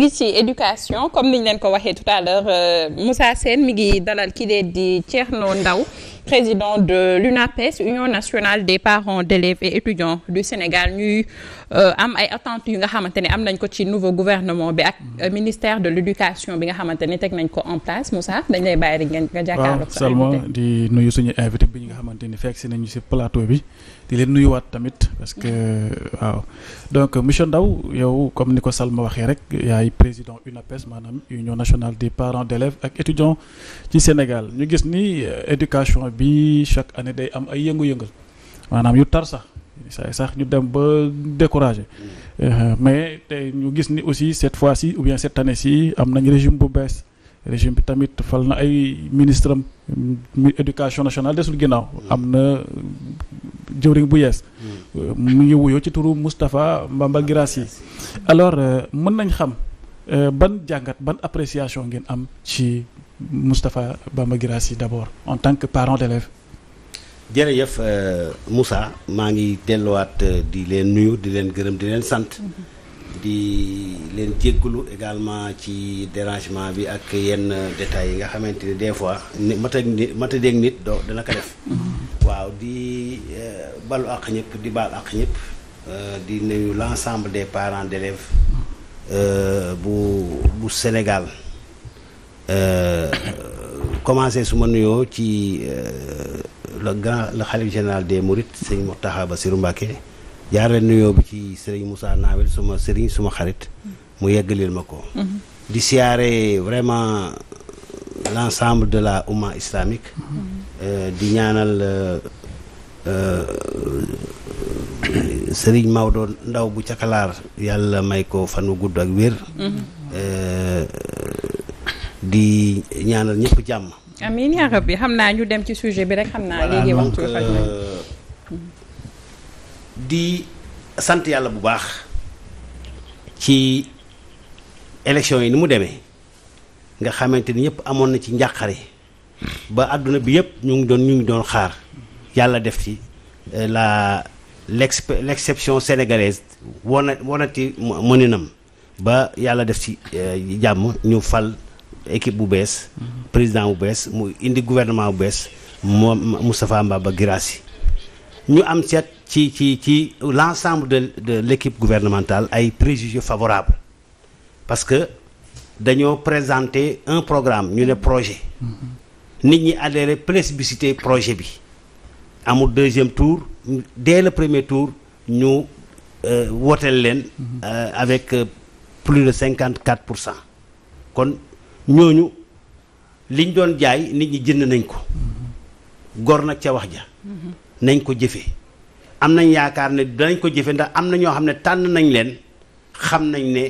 ñu ngi ci éducation comme leen ko waxee tout à l'heure euh, Moussa Sène mi ngi dalal ki dee di Thierno Ndaw président de l'UNAPES Union nationale des parents d'élèves et étudiants du Sénégal ñuy euh, am ay attentes yu nga xamante ne am nañ ko ci nouveau gouvernement bi ak euh, ministère de l'éducation bi nga xamante ne teg nañ ko en place Moussa dañ lay bàyyi rek nga jàkkaarloo waaw Salma di nuyu suñu invité bi nga xamante ni fekk si nañu si plateau bi di leen waat tamit parce que waaw donc monsieur Ndaw yow comme ni ko Salma waxee rek yaay président UNAPES maanaam Union nationale des parents d'élèves ak étudiants ci Sénégal ñu gis ni euh, éducation émission bi chaque année day am ay yëngu-yëngal maanaam yu tar sax sax ñu dem ba découragé mm. euh, mais te ñu gis ni aussi cette fois ci ou bien cette année ci am nañ régime bu bees régime bi tamit fal na ay ministre am éducation nationale lu ginnaaw mm. am na jëwriñ bu yees mm. euh, mu ngi wuyoo ci turu Moustapha Mbambal ah, Guirassy alors euh, mën nañ xam ban jàngat ban appréciation ngeen am ci Moustapha Bamba Guirassy d'abord en tant que parent d'élève jërëjëf euh, Moussa maa ngi delluwaat euh, di leen nuyu di leen gërëm di leen sant di leen jéggulu également ci dérangement bi ak yenn détails yi nga xamante ni des fois ni mata nit doo dana ko def waaw di euh, balu àq ñëpp di baal àq ñëpp di nuyu l'ensemble des parent d'élèves bu bu Sénégal Euh, commencé su ma nuyoo ci euh, la grand le xalif général des Mourides sëñ Mountakha Bassirou Mbacké jaarale nuyoo bi ci sëriñ Moussa Nawel suma sëriñ suma xarit mu yegg yeggalil ma ko. Mm-hmm. di siyaare vraiment euh, l' ensemble de la umma islamique. Mm-hmm. di ñaanal sëriñ Maodo Ndaw bu cakalaar yàlla may ko fan wu gudd ak wér. Mm-hmm. di ñaanal ñëpp jàmm. amiin yaa rabbi xam naa ñu dem ci sujet bi rek xam naa. léegi waxtu faj euh, di sant yàlla bu baax ci élection yi ni mu demee nga xamante ni ñëpp amoon na ci njàqare ba àdduna bi yëpp ñu ngi doon ñu ngi doon xaar yàlla def ci euh, la l'exp l'exception sénégalaise wona wonati mëninam ba yàlla def ci euh, jàmm ñu fal. équipe bu bees président bu bees mu indi gouvernement bu bees moom Moustapha Mbaba Guirassy ñu am seet ci ci ci l'ensemble de de l'équipe gouvernementale ay préjugés favorable parce que dañoo présenter un programme ñu ne projet nit ñi adhéré plébiscité projet bi amul deuxième tour dès le premier tour ñu euh, woteel leen mm-hmm. euh, avec euh, plus de cinquante quatre pour cent kon ñooñu liñ doon jaay nit ñi jënd nañ ko gor nag ca wax ja nañ ko jëfe am nañ yaakaar ne danañ ko jëfe ndax am na ñoo xam ne tànn nañ leen xam nañ ne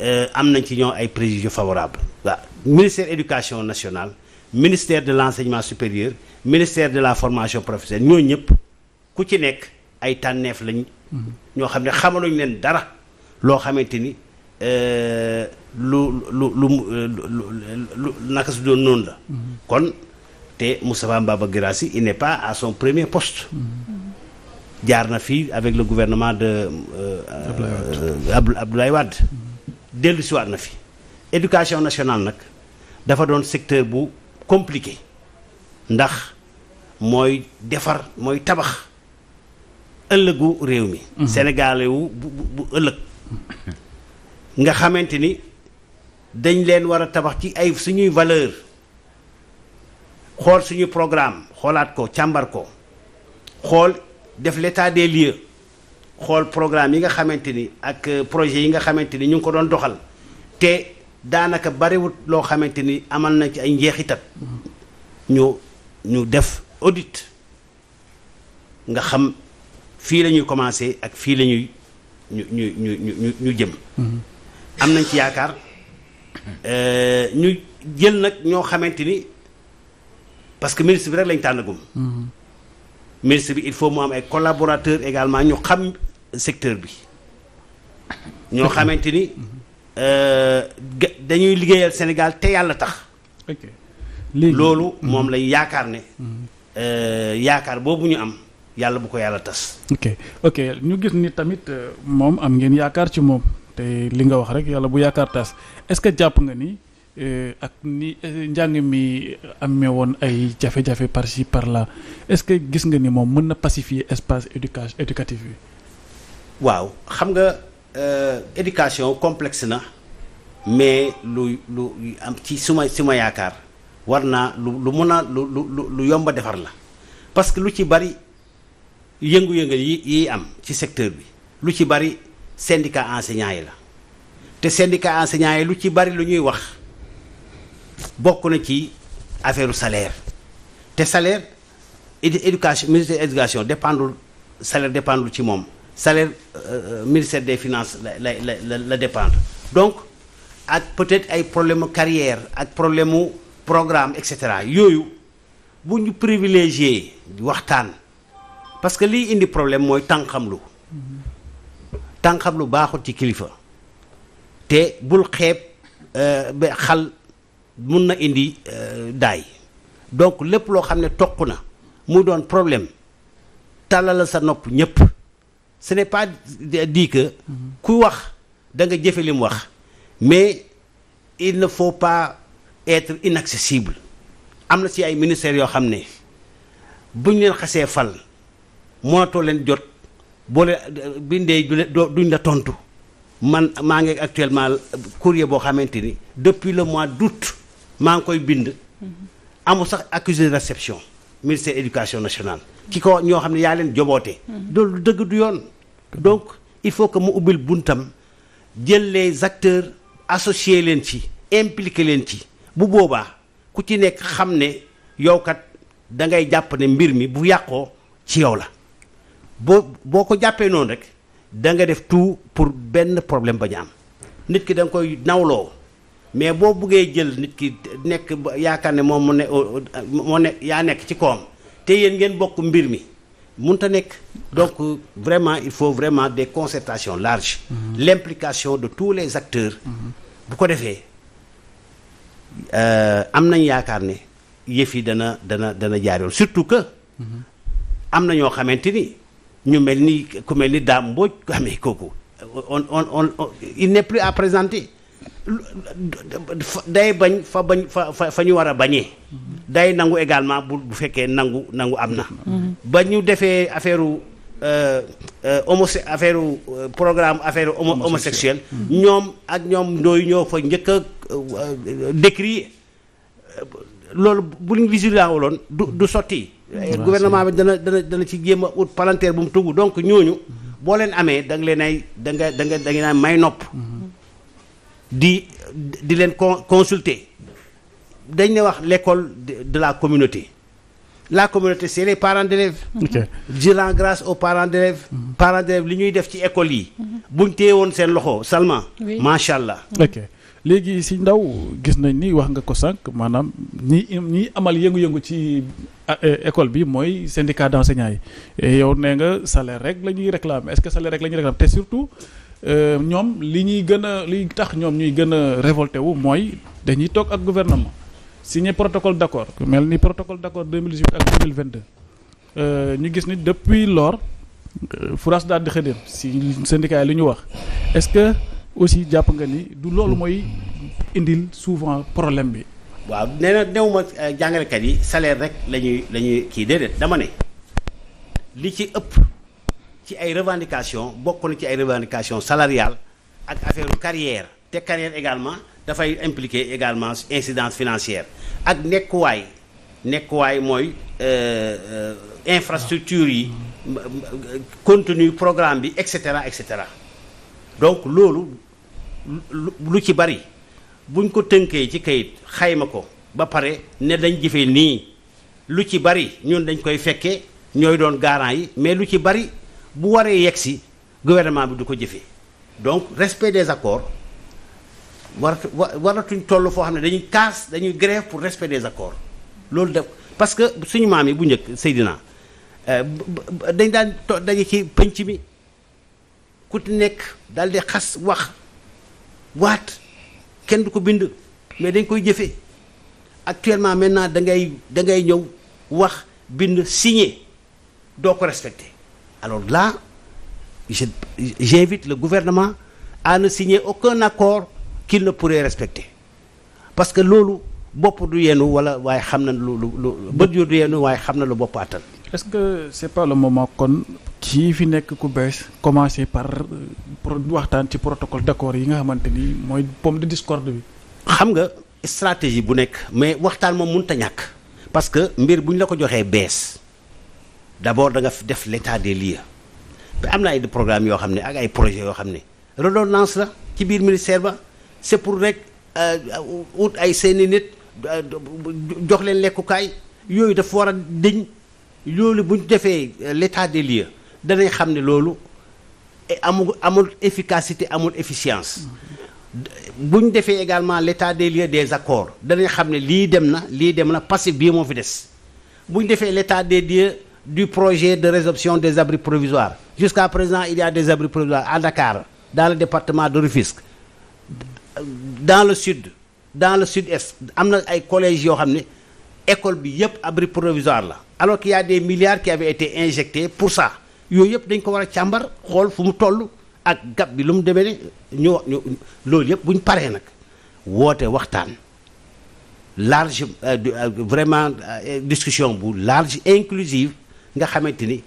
euh, am nañ ci ñoo ay préjugés favorable waaw ministère éducation nationale ministère de l'enseignement supérieur ministère de la formation professionnelle ñoo ñëpp ku ci nekk ay tànneef lañ mm-hmm. ñoo xam ne xamaluñ leen dara loo xamante ni lu lu lu lu naka su doon noonu la. kon te Moustapha Mbaba Guirassy il n'est pas à son premier poste. jaar na fii avec le gouvernement de. Euh, euh, Abdoulaye Wade dellu si waat na fi. éducation nationale nag dafa doon secteur bu compliqué ndax mooy defar mooy tabax ëllëgu réew mi. Mhm. Sénégalais wu bu bu ëllëg. nga xamante ni dañ leen war a tabax ci ay suñuy valeur xool suñu programme xoolaat ko càmbar ko xool def leta de lieux xool programme yi nga xamante ni ak euh, projet yi nga xamante ni ñu ngi ko doon doxal te daanaka bariwut loo xamante ni amal na ci ay njeexitat ñu ñu def audit nga xam fii lañuy commencé ak fii la ñuy ñu ñu ñu ñu ñu jëm mm-hmm. am nañ ci yaakaar euh, ñu jël nag ñoo xamante ni parce que ministre bi rek lañ tànnagum. ministre bi il faut mu am ay collaborateurs également ñu xam secteur bi ñoo xamante ni euh, dañuy liggéeyal Sénégal te yàlla tax. léegi loolu moom mm-hmm. lañ yaakaar ne. Mm-hmm. Euh, yaakaar boobu ñu am. yàlla bu ko yàlla tas. ok ok ñu gis ni tamit moom am ngeen yaakaar ci moom. te li nga wax rek yàlla bu yaakaar taas est-ce que jàpp nga ni euh, ak ni euh, njàng mi amee woon ay jafe-jafe par ci par là est-ce que gis nga ni moom mën na pacifier espace éducation éducatif bi. waaw xam nga euh, éducation complexe na mais lu lu am ci suma suma yaakaar war naa lu lu mën a lu lu lu yomba defar la parce que lu ci bari yëngu-yëngal yi yi am ci secteur bi lu ci bari. syndicat enseignant yi la te syndicat enseignant yi lu ci bari lu ñuy wax bokk na ci affaire salaire te salaire éducation ministère éducation dépendul salaire dépendul ci moom salaire euh, euh, ministère des finance la la la la dépendre donc ak peut-être ay problème mu ak problème mu programme et cetera yooyu bu ñu privilégié waxtaan parce que liy indi problème mooy tànqamlu mm-hmm. tànqam lu baaxul ci kilifa te bul xeep euh, ba xal mun na indi euh, daay donc lépp loo xam ne toq na mu doon problème tàllal sa nopp ñëpp ce n'est pas dit ku wax da nga jëfe li wax mais il ne faut pas être inaccessible am na si ay ministères yoo xam ne buñ leen xasee fal mënatoo leen jot boo leen bindee duñ la tontu man maa ngi actuellement courier boo xamante ni depuis le mois d'août maa ngi koy bind. Mm-hmm. amul sax accusé de réception ministère éducation nationale. ki ko ñoo xam ne yaa leen joboote. Mm-hmm. loolu dëgg du yoon. donc il faut que mu ubbil buntam jël les acteurs associé leen ci impliqué leen ci bu boobaa ku ci nekk xam ne yow kat da ngay jàpp ne mbir mi bu yàqoo ci yow la. boo boo ko jàppee noonu rek da nga def tout pour benn problème ba ñu am nit ki da nga koy nawloo mais boo buggee jël nit ki nekk yaakaar ne moom mu ne moo ne yaa nekk ci koom te yéen ngeen bokk mbir mi mënut a nekk donc vraiment il faut vraiment des concertations larges mm l'implication de tous les acteurs mhm. bu ko defee euh, am nañ yaakaar ne yëf yi dana dana dana jaar yoon surtout que mhm. am na ñoo xamante ni ñu mel ni ku mel ni Dame Mbodj amee kooku il n'est plus à présenter day bañ fa bañ fa fa ñu war a bañee day nangu également bu bu fekkee nangu nangu am na ba ñu defee affaire euh, euh, homo affaire euh, programme affaire homosexuel hmm. ñoom ak ñoom ndooyu ñoo fa njëkk a loolu buñ visualisé woon du du sotti Eh, gouvernement bi dana dana dana ci jéem a ut palanteer bu mu tugg donc ñooñu boo leen amee da nga leen ay da nga da nga da nga may nopp di leen con consulter dañ ne wax l'école de la communauté la communauté c'est les parents d'élèves je rends grâce aux parents d'élèves parents li ñuy def ci école yi mm-hmm. buñ téye woon seen loxo seulement macha allah léegi si ndaw gis nañ ni wax nga ko sànq maanaam ñi ñiy amal yëngu-yëngu ci e, école bi mooy syndicat d'enseignants yi yow nee nga salaire rek la ñuy réclamer est-ce que salaire rek la ñuy réclamer te surtout euh, ñoom li ñuy gën a li tax ñoom ñuy gën a révolté wu mooy dañuy toog ak gouvernement signé protocole d'accord mel ni protocole d'accord 2018 ak 2022 euh, ñu gis ni depuis lors euh, France daal di xëy si syndicat yi li ñu wax est-ce que aussi jàpp nga ni du loolu mooy indil souvent problème bi. waaw nee na néew ma euh, jàngalekat yi salaire rek la ñuy la ñuy kii déedéet dama ne li ci ëpp ci ay revendications bokk na ci ay revendications salariales ak affaire carrière te carrière également dafay impliquer également incidence financière ak nekkuwaay nekkuwaay mooy euh, euh, infrastructure yi continue programme bi et cetera et cetera donc loolu. lu ci bari buñ ko tënkee ci kayit xayma ko ba pare ne dañ jëfee nii lu ci bari ñun dañ koy fekke ñooy doon garant yi mais lu ci bari bu waree yegg si gouvernement bi du ko jëfe donc respect des accords waratu waratuñ toll foo xam ne dañuy casse dañuy grève pour respect des accords loolu def parce que suñu maam yi bu njëkk Seydina euh, dañ daan daje ci pënc mi ku nekk daal di xas wax waat kenn du ko bind mais dañ koy jëfe actuellement maintenant da ngay da ngay ñëw wax bind signé doo ko respecté alors là je j'invite le gouvernement à ne signer aucun accord qu'il ne pourrait respecter parce que loolu bopp du yenu wala waaye xam na lu lu bët yu du yenu waaye xam na lu bopp attan est-ce que c'est pas le kon kii fi nekk ku bees commencer par euh, waxtaan ci protocole d'accord yi nga xamante ni mooy pomme de discorde bi. xam nga stratégie bu nekk mais waxtaan moom mun a ñàkk parce que mbir bu ñu la ko joxee bees d'abord da nga def l'état des lieux am na ay programme yoo xam ne ak ay projets yoo xam ne redondance la ci biir ministère ba c'est pour rek euh, ut ay seeni nit euh, jox leen lekkukaay yooyu dafa war a dëñ loolu bu ñu defee euh, l'état des lieux danañ xam ne loolu eh, amul amul efficacité amul efficience bu ñu defee également l'état des lieux des accords danañ xam ne lii dem na lii dem na passif bii moo fi des bu ñu defee l'état des lieux du projet de résorption des abris provisoires jusqu'à présent il y a des abris provisoires à Dakar dans le département de Rufisque dans le sud dans le sud-est am na ay collèges yoo xam ne école bi yëpp abris provisoire la alors qu'il y a des milliards qui avaient été injectés pour ça yooyu yëpp dañ ko war a càmbar xool fu mu toll ak gab bi lu mu demee ñu ñu loolu yëpp bu ñu paree nag woote waxtaan large euh, euh, vraiment euh, discussion bu large inclusive nga xamante ni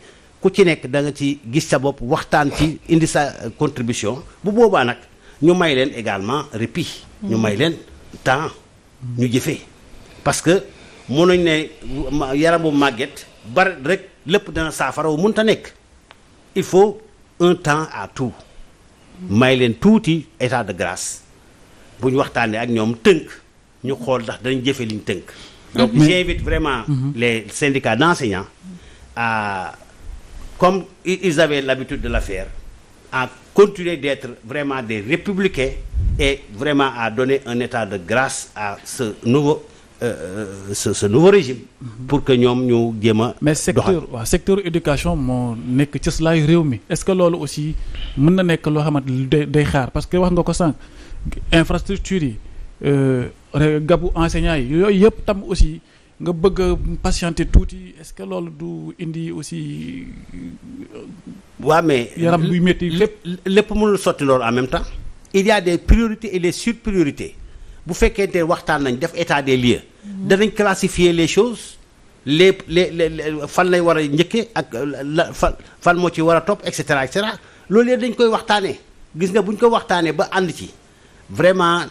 ku ci nekk da nga ci gis sa bopp waxtaan ci indi sa contribution bu boobaa nag ñu may leen également répit ñu may leen temps ñu jëfee parce mun mënuñ ne yaram bu màgget bare rek lépp dana saafara wu ta nekk il faut un temps à tout may leen tuuti état de grâce bu ñu waxtaanee ak ñoom tënk ñu xool ndax dañ jëfe liñ tënk donc j'invite vraiment mhm. les syndicats d'enseignants à comme ils avaient l'habitude de le faire à continuer d'être vraiment des républicains et vraiment à donner un état de grâce à ce nouveau Euh, ce ce nouveau régime. pour que ñoom ñu jéem a. mais secteur waaw secteur éducation moo nekk cëslaayu réew mi est-ce que loolu aussi mën na nekk loo xamante day day xaar parce que wax nga ko sànq infrastructure yi euh, gabu enseignants yi yooyu yëpp tam aussi. nga bëgg a patienter tuuti est-ce que loolu du indi aussi. waaw euh, mais yaram buy métti lépp lépp mënul sotti loolu en même temps. il y a des priorités et des surpriorités bu fekkente ne waxtaan nañ def état des lieux. danañ classifier les choses les le les fan lay war a njëkkee ak la fan moo ci war a topp et cetera et cetera loolu yëpp dañ koy waxtaanee gis nga buñ ko waxtaanee ba ànd ci vraiment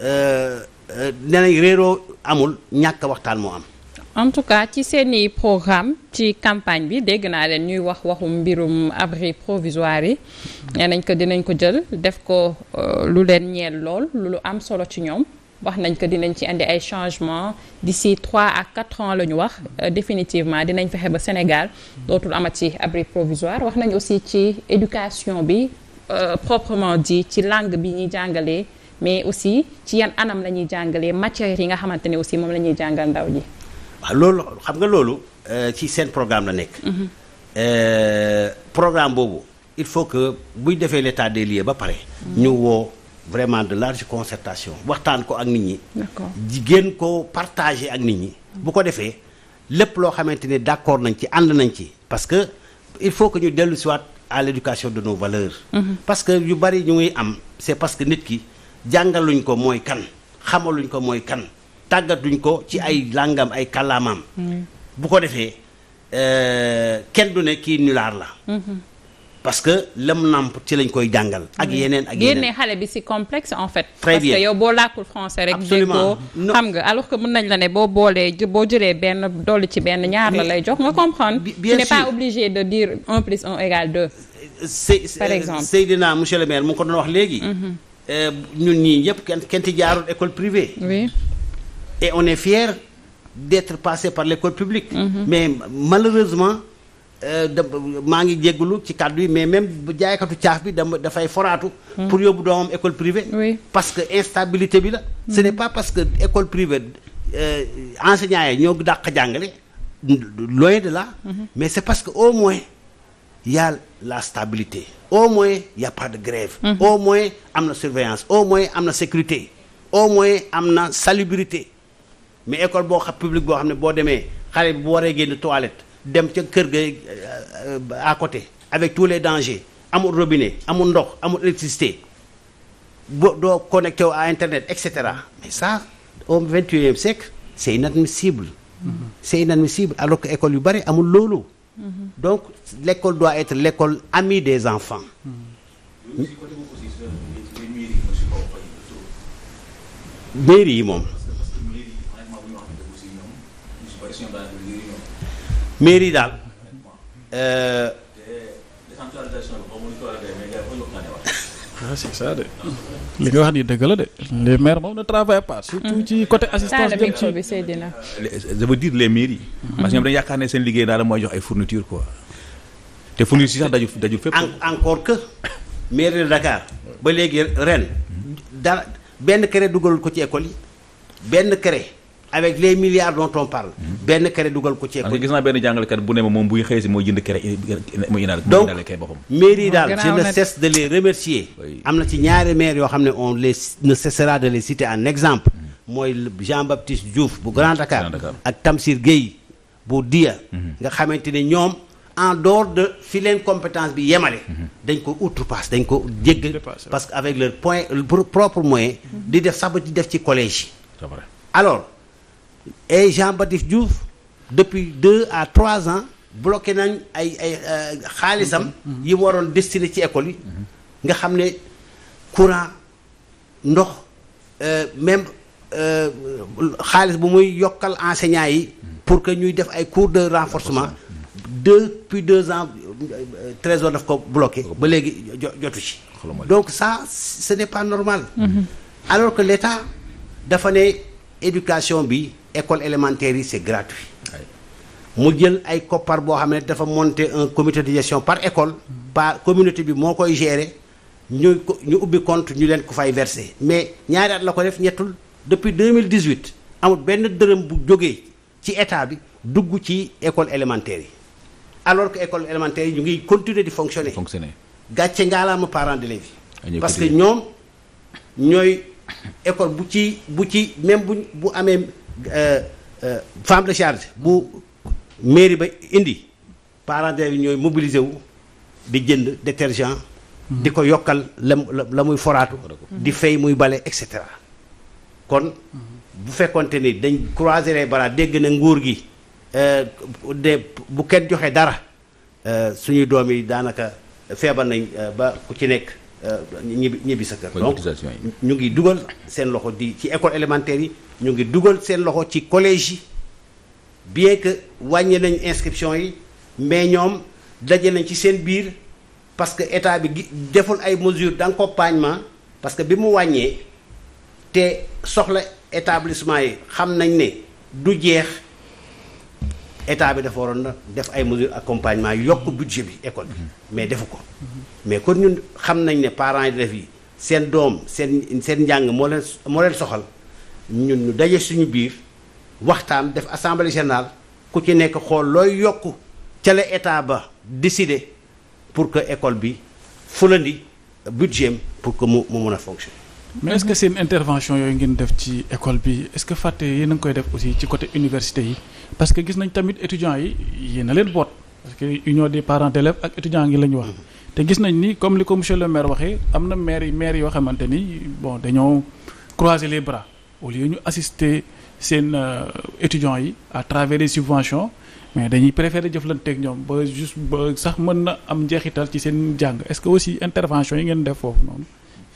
euh, euh, nee nañ réeroo amul ñàkk waxtaan moo am. en tout cas ci seeni programme ci campagne bi dégg naa leen ñuy wax waxu mbirum abri provisoire yi nee nañ ko dinañ ko jël def ko euh, lu leen ñeel lool lu am solo ci ñoom wax nañ ko dinañ ci indi ay changement di d'ici trois ak quatre ans la ñu wax euh, definitivement dinañ fexe ba Sénégal dootul amati abri provisoire wax nañ aussi ci éducation bi euh, proprement dit ci langue bi ñuy jàngalee mais aussi ci yan anam la ñuy jàngalee matières yi nga xamante ne aussi moom la ñuy jàngal ndaw waaw loolu xam nga loolu euh, ci seen programme la nekk. Mhm. Euh, programme boobu il faut que buy defee l'état des ba pare. ñu mhm. woo vraiment de large concertation waxtaan ko ak nit ñi. jigéen ko partager ak nit ñi. bu ko defee lépp loo xamante ni d'accord nañ ci ànd nañ ci parce que il faut que ñu dellu si waat à l'éducation de no valeurs. Mhm. parce que yu bari ñu ngi am c'est parce que nit ki jàngaluñ ko mooy kan xamaluñ ko mooy kan. tàggatuñ ko ci ay làngam ay kàllaamaam. bu ko defee euh, kenn du ne kii nulaar la. Mhm. parce que lam nàmp ci lañ koy jàngal. ak yeneen ak yeneen xale bi si complexe en fait. très bien parce que yow boo làkkul français rek. absolument xam nga alors que mun nañ la ne boo boolee boo jëlee benn dolli ci benn ñaar la lay jox nga comprendre. bien sûr tu n'es pas obligé de dire un plus un égale deux. par exemple Seydina monsieur le maire mu ko doon wax léegi. Mhm. Euh, ñun ñii ñëpp kenn kenn ci jaarul école privée. et on est fier d'être passé par l'école publique mhm. mais malheureusement euh, maa ngi jéggulu ci kàddu yi mais même bu jaaykatu caaf bi dama dafay foraatu mhm. pour yóbbu doomam école privée parce que instabilité bi la ce mhm. n'est pas parce que école privée euh, enseignants yi ñoo dàq jàngale loin de la mais c'est parce que au moins y a la stabilité au moins y a pas de grève au moins am na surveillance au moins am na sécurité au moins am na salubrité mais école boo xam boo xam ne boo demee xale bi bu waree génn toilette dem ca kër ga euh, à côté avec tous les dangers amul robinet amul ndox amul électricité boo doo connecté à internet et cetera mais ça au vingt-et-unième siècle c'est inadmissible mm -hmm. c'est inadmissible alors que école yu bari amul loolu mm-hmm. donc l'école doit être l'école amie des enfants mm -hmm. mairie yi moom élection mairie yi daal. Euh, ah, li nga wax nii dëgg la de les maires ne ah, parce que ñoom yaakaar ne seen liggéey daal mooy jox ay fourniture quoi. te fourniture si sax daju daju fépp. encore que mairie de Dakar ba léegi ren dara benn cré dugalul ko ci école yi benn cré avec les milliards dont on parle. benn kere dugal ko ceeb. gis naa benn jàngalekat bu ne ma moom buy xëy si mooy jënd kere mooy indaale. donc mairie daal je ne am na ci ñaari maire yoo xam ne on les ne cessera de mm. mooy Jean Baptiste Diouf bu Grand Dakar. ak Tamsir Gueye bu Dia. Mm-hmm. nga xamante ne ñoom. en dehors de fi leen compétence bi yemale. Mm-hmm. dañ ko outrepasse dañ ko jégg parce que avec leur point leur propre moyen. Mm-hmm. di def sax di def ci collège yi. alors et Jean-Baptiste Diouf depuis deux à trois ans bloqué nañ ay ay euh, xaalisam mhm. yi waroon destiné ci école yi nga xam ne courant ndox euh, même euh, xaalis bu muy yokkal enseignants yi pour que ñuy def ay cours de renforcement depuis deux ans trésor daf ko bloqué ba léegi jotu ci donc ça ce n'est pas normal mhm. alors que l'État dafa ne éducation bi école élémentaire yi c' est gratuit. mu jël ay koppar boo xam ne dafa monter un commité de gestion par école. par communauté bi moo koy gérer ñu ñu ubbi compte ñu leen ko fay verser mais ñaari at la ko def ñettul depuis deux mille 2018 amul benn dërëm bu jógee ci état bi dugg ci école élémentaire yi alors que école élémentaire yi ñu ngi continuer di fonctionner. fonctionner gàcce ngaalaama parents d'élèves yi. parce que ñoom ñooy école bu ci bu ci même bu bu amee. Euh, euh, femme de charge bu mairie ba indi parents yi ñooy mobiliser wu di jënd détergent. di ko yokkal la la muy foraatu. di fay muy bale et cetera. kon bu fekkonte ni dañ croiser les dégg na nguur gi euh, de bu kenn joxe dara suñuy doom yi daanaka feebar nañ ba ku ci nekk. Euh, ñibbi ñibbi sa kër. donc ñu ngi dugal seen loxo di ci école élémentaire yi ñu ngi dugal seen loxo ci collège yi bien que wàññi nañ inscription yi mais ñoom daje nañ ci seen biir parce que état bi deful ay mesures d'accompagnement parce que bi mu wàññee te soxla établissement yi xam nañ ne du jeex. état bi dafa waroon na def ay mesures accompagnement yokk budget bi école bi mais defu ko mais kon ñun xam nañ ne parent yi def yi seen doom seen seen njàng moo leen soxal ñun ñu daje suñu biir waxtaan def assemblée générale ku ci nekk xool looy yokk ca la état ba décider pour que école bi fulandi budget pour que mu mu mun a fonctionner. mais est seen intervention yooyu ngeen def ci école bi est-ce que fàtte yéen a koy def aussi ci côté université yi. parce que gis nañ tamit étudiants yi yéen a leen boot parce que union des parents d'élèves ak étudiants ngi la ñu wax mm-hmm. te gis nañ ni comme li ko monsieur le maire waxee am na maire yi maire yoo xamante ni bon dañoo croisé les bras au lieu ñu assister seen euh, étudiants yi à travers subvention subventions mais dañuy préférer jëflanteeg ñoom ba juste ba sax mën na am njeexital ci seen jàng est-ce que aussi intervention yi ngeen def foofu noonu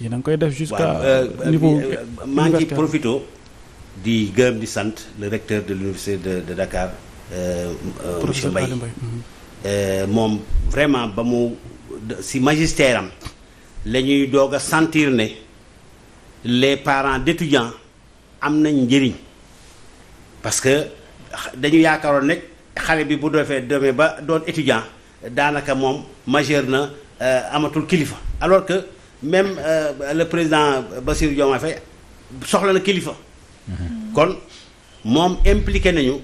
yéen a koy def jusqu'à euh, niveau euh, maa ngi profito di gërëm di sant le recteur de l'université de de Dakar euh, euh, monsieur Mbaye mhm. euh, moom vraiment ba mu si magistère am la ñuy doog a sentir ne les parent d'étudiants am nañ njëriñ parce que dañu yaakaaroon nekk xale bi bu defee demee ba doon étudiant daanaka moom majeur na amatul kilifa alors que même le président Bassirou Diomaye Faye soxla na kilifa kon moom impliqué nañu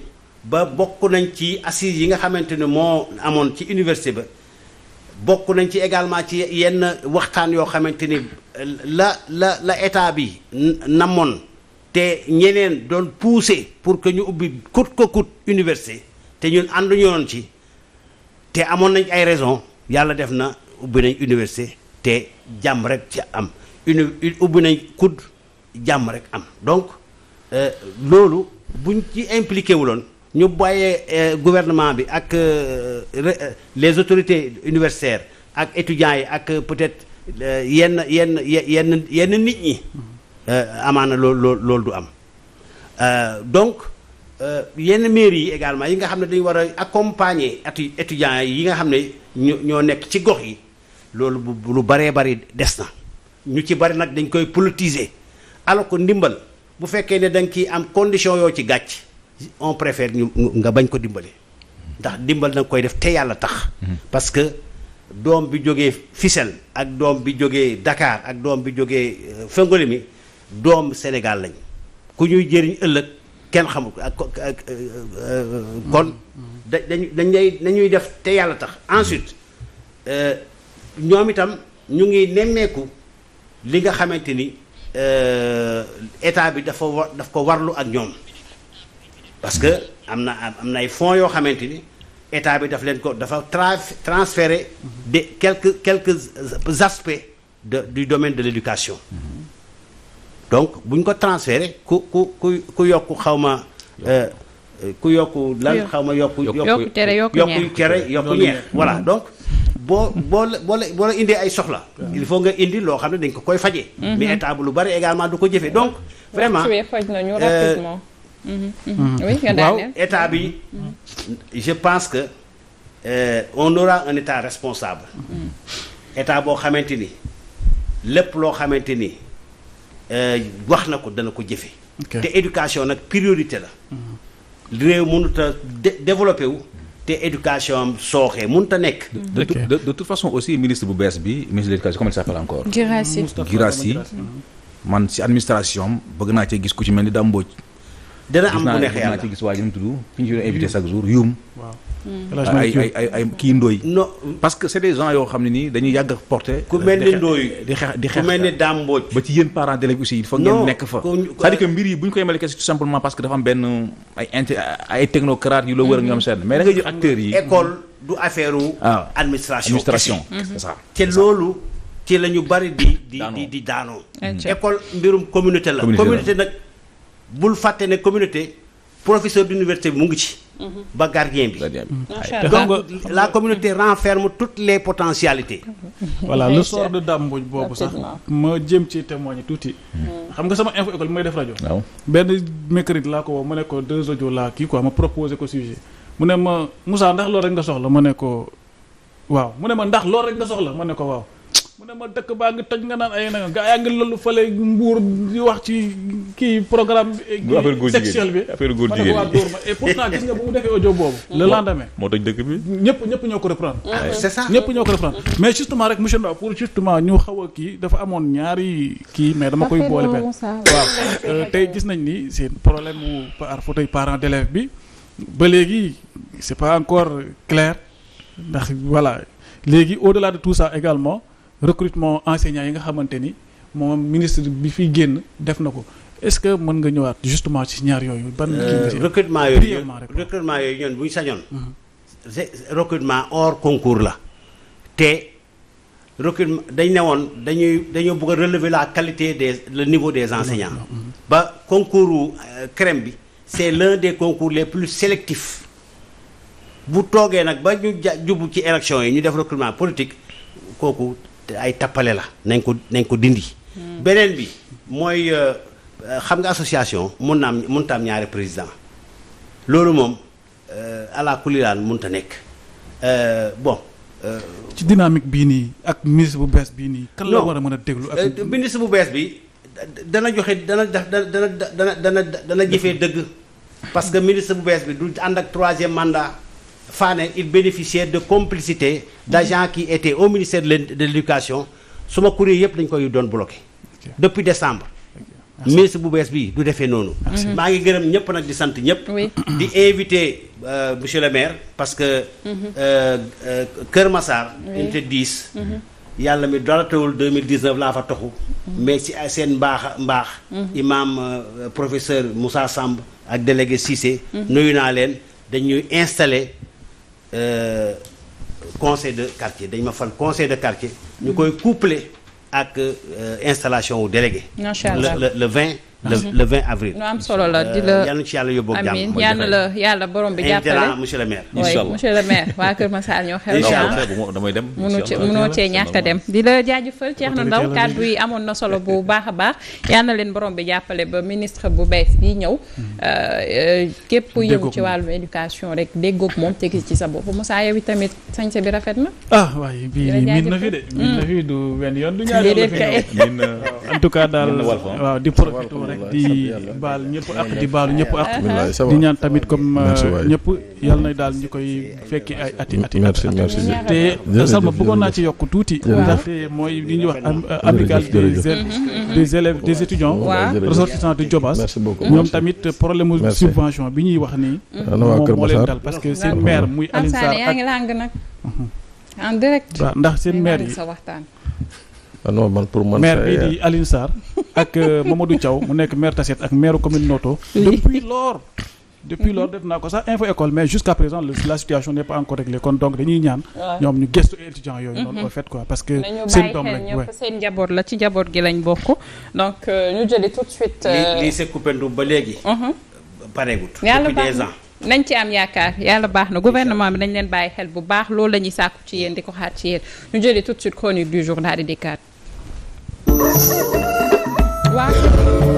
ba bokk nañ ci assises yi nga xamante ne moo amoon ci université ba bokk nañ ci également ci yenn waxtaan yoo xamante ni la la la état bi namoon te ñeneen doon pousser pour que ñu ubbi coûte que coûte université te ñun ànduñu woon ci te amoon nañ ay raison yàlla def na ubbi nañ université te jàmm rek ci am uni ubbi nañ kud jàmm rek am donc Euh, loolu buñ ci impliqué wuloon ñu bàyyee euh, gouvernement bi ak euh, les autorités universitaires ak étudiants yi ak peut-être yenn yenn yenn yenn nit ñi amaana loolu loolu du am donc yenn mairie yi également yi nga xam ne dañu war a accompagner étudiants yi nga xam ne ñoo nekk ci gox yi loolu bu baree bari des na ñu ci bari nag dañ koy politiser alors que ndimbal bu fekkee ne da nga kii am condition yoo ci gàcc on préfère ñu nga bañ ko dimbali ndax dimbal na koy def te yàlla tax mhm. parce que doom bi jógee Fissel ak doom bi jógee dakaar ak doom bi jógee euh, Fengolimi doom Sénégal lañ ku ñuy jëriñ ëllëg kenn xamul ak euh, kon mhm. dañ dañ dañuy dañuy def te yàlla tax ensuite euh, ñoom itam ñu ngi nemmeeku li nga xamante ni Euh, état bi dafa war daf ko warlu ak ñoom parce que am na am na ay fonds yoo xamante ni état bi daf leen ko dafa transférer de quelques quelque aspects de du domaine de l'éducation donc bu ñu ko transférer ku ku ku ku yokk xawma euh, ku yokk lan xawma yokk yokk cere yokk ñeex voilà donc boo boo la boo la indee ay soxla. il faut nga indi loo xam ne dañ ko koy fajee. Mm-hmm. mais état bu lu bari également du ko jëfee donc. vraiment faj nañu euh, rapidement. Mm-hmm. Mm-hmm. état bi je pense que euh, on aura un état responsable. état boo xamante ni lépp loo xamante ni euh, wax na ko dana ko jëfe te éducation nag priorité la. réew mënut a développé wu. te éducation am sooxee mun a nekk. de de toute façon aussi ministre bu bees bi ministre de l'éducation comment il s'appelle encore. Girassi Girassi man si administration bëgg naa cee gis ku ci mel ni Dame Mbodj. dana am bu neex yàlla la ci gis waa ji nu mu tudd fi ñu invité chaque jour Youm. Hmm. ay ay ay kii ndóoy non parce que yoo xam ne nii dañuy yàgg a porté ku mel ni ndóoy di xeex di xeex ku mel ni dàmbooj ba ci yéen parents d'élèves aussi il faut ngeen nekk fa c'est-à-dire que mbir yi bu ñu ko yemale kese simplement parce dafa benn ay inté ay technocrates yu la wër ak ñoom seen mais da ngay jël acteurs yi école du affaire ah. administration administration mm-hmm. c'est ça loolu ci la bari di di di daanoo école mbirum communauté la communauté nag bul fàtte ne communauté professeur d'université bi mu ngi ci. Mhm. ba gardien bi. nga la communauté renferme toutes les potentialités. voilà le sort de Dame boobu sax. ma jëm ci témoigner tuuti. Mhm. xam nga sama info école bi may def rajo. waaw benn mercredi laa ko woo ma ne ko deux audios laa kii quoi ma proposé ko sujet. mu ne ma Moussa ndax loolu rek nga soxla ma ne ko waaw mu ne ma ndax loolu rek nga soxla ma ne ko waaw. mu ne ma dëkk baa ngi toj nga naan ay na nga yaa ngi loolu fële mbuur di wax ci kii programme bi eh, affaire sexuel bi affaire góor ma dóor ma bu mu defee audio boobu mm. le lendemain moo toj dëkk bi ñëpp ñëpp ñoo ko reprendre mm. ah, c'est ça ñëpp ñoo ko reprendre mais justement rek monsieur Ndao pour justement ñu xaw a kii dafa amoon ñaari kii mais dama koy boole benn waaw euh, tey gis nañ ni c'est problème wu par fauteuil parent d'élève bi ba léegi c'est pas encore clair ndax voilà léegi au-delà de tout ça également recrutement enseignants yi nga xamante ni moom ministre bi fiy génn def na ko est-ce que mën nga ñëwaat justement ci ñaar yooyu. ban euh, recrutement yooyu recrutement yooyu ñoom bu ñu sañoon. Mhm. recrutement hors concours la. te recrutement dañ ne woon dañuy dañoo bëgg a relever la qualité des le niveau des enseignants. Mhm. ba concours euh, crème bi. c'est l'un des concours les plus sélectifs. bu toogee nag ba ñu ja ci élection yi ñu def recrutement politique kooku. te ay tappale la nañ ko nañ ko dindi hmm. beneen bi mooy euh, euh, xam nga association mun naa am mun ta ñaari président loolu moom euh, ala kulilaan mun ta nekk bon ci dynamique bii nii ak ministre bu bees bii nii kan la war a mën a déglu ak ministre bu bees bi dana joxe dana def dana dana dana dana jëfee dëgg parce que ministre bu bees bi du ànd ak troisième mandat Fane il bénéficiait de complicité d'agents qui étaient au ministère de l'éducation suma kuréel yëpp dañ koy doon bloqué depuis décembre ministre bu bees bi du defee noonu mhm. maa ngi gërëm ñëpp nag di sant ñëpp di invité euh, monsieur le maire parce que mhm. euh, euh, Kër Massar unité 10 mhm. yàlla mi dara tawul 2019 laa fa toxu mais ci seen mbaax mbaax imam professeur Moussa Samb ak délégué Cissé nuyu naa leen dañuy installé Euh, conseil de quartier dañ ma fal conseil de quartier. ñu koy couplé ak euh, installation wu délégué. allah le le le mhm. le 20 avril. lu am solo la di euh, la yal yàlla borom bi jàppale. monsieur le maire. incha allah monsieur le ñoo xew. incha allah damay dem. a dem. di la jaajëfal ceex na ndaw kàddu yi amoon na solo bu baax a baax yal leen borom bi jàppale ba ministre bu bees yi ñëw. Mm-hmm. Euh, képp ku yëngu ci wàllu éducation rek déggoog moom te gis ci sa bopp Moussa yow tamit sañse bi rafet na. ah waaye bii miin na na fi du benn yoon du ñaar mm. yoon la fi ñëw en daal waaw di profité rek di baal ñëpp ak di baalu ñëpp ak di ñaan tamit comme euh, ñëpp yal na daal ñu koy fekki ay ati ati te Salma bëggoon naa ci yokk tuuti ndaxte mooy li ñuy wax euh, amicale mhm. des élèves des étudiants ressortissants de Diobass ñoom tamit problème mu subvention bi ñuy wax nii moom moo leen dal parce que seen maire muy Alioune Sarr mhm. ndax seen maire yi ah non man pour man maire bii di Alioune ak euh, Mamadou Thiaw mu nekk maire Tasset ak maire commune Noto. depuis lors depuis lors def naa ko sax info école mais jusqu'à présent la situation n'est pas encore réglée kon donc dañuy ñaan. ñoom ñu gëstu étudiants yooyu. noonu mhm. au fait quoi parce que. seen njaboot la ci njaboot gi lañ bokk. donc euh, ñu jëli tout suite. lii euh, lii Koumpentoum ba léegi. Mhm. pareegut depuis des ans. nañ ci am yaakaar yàlla baax na gouvernement bi nañ leen bàyyi xel bu baax loolu la sàkku ci yéen di Au revoir.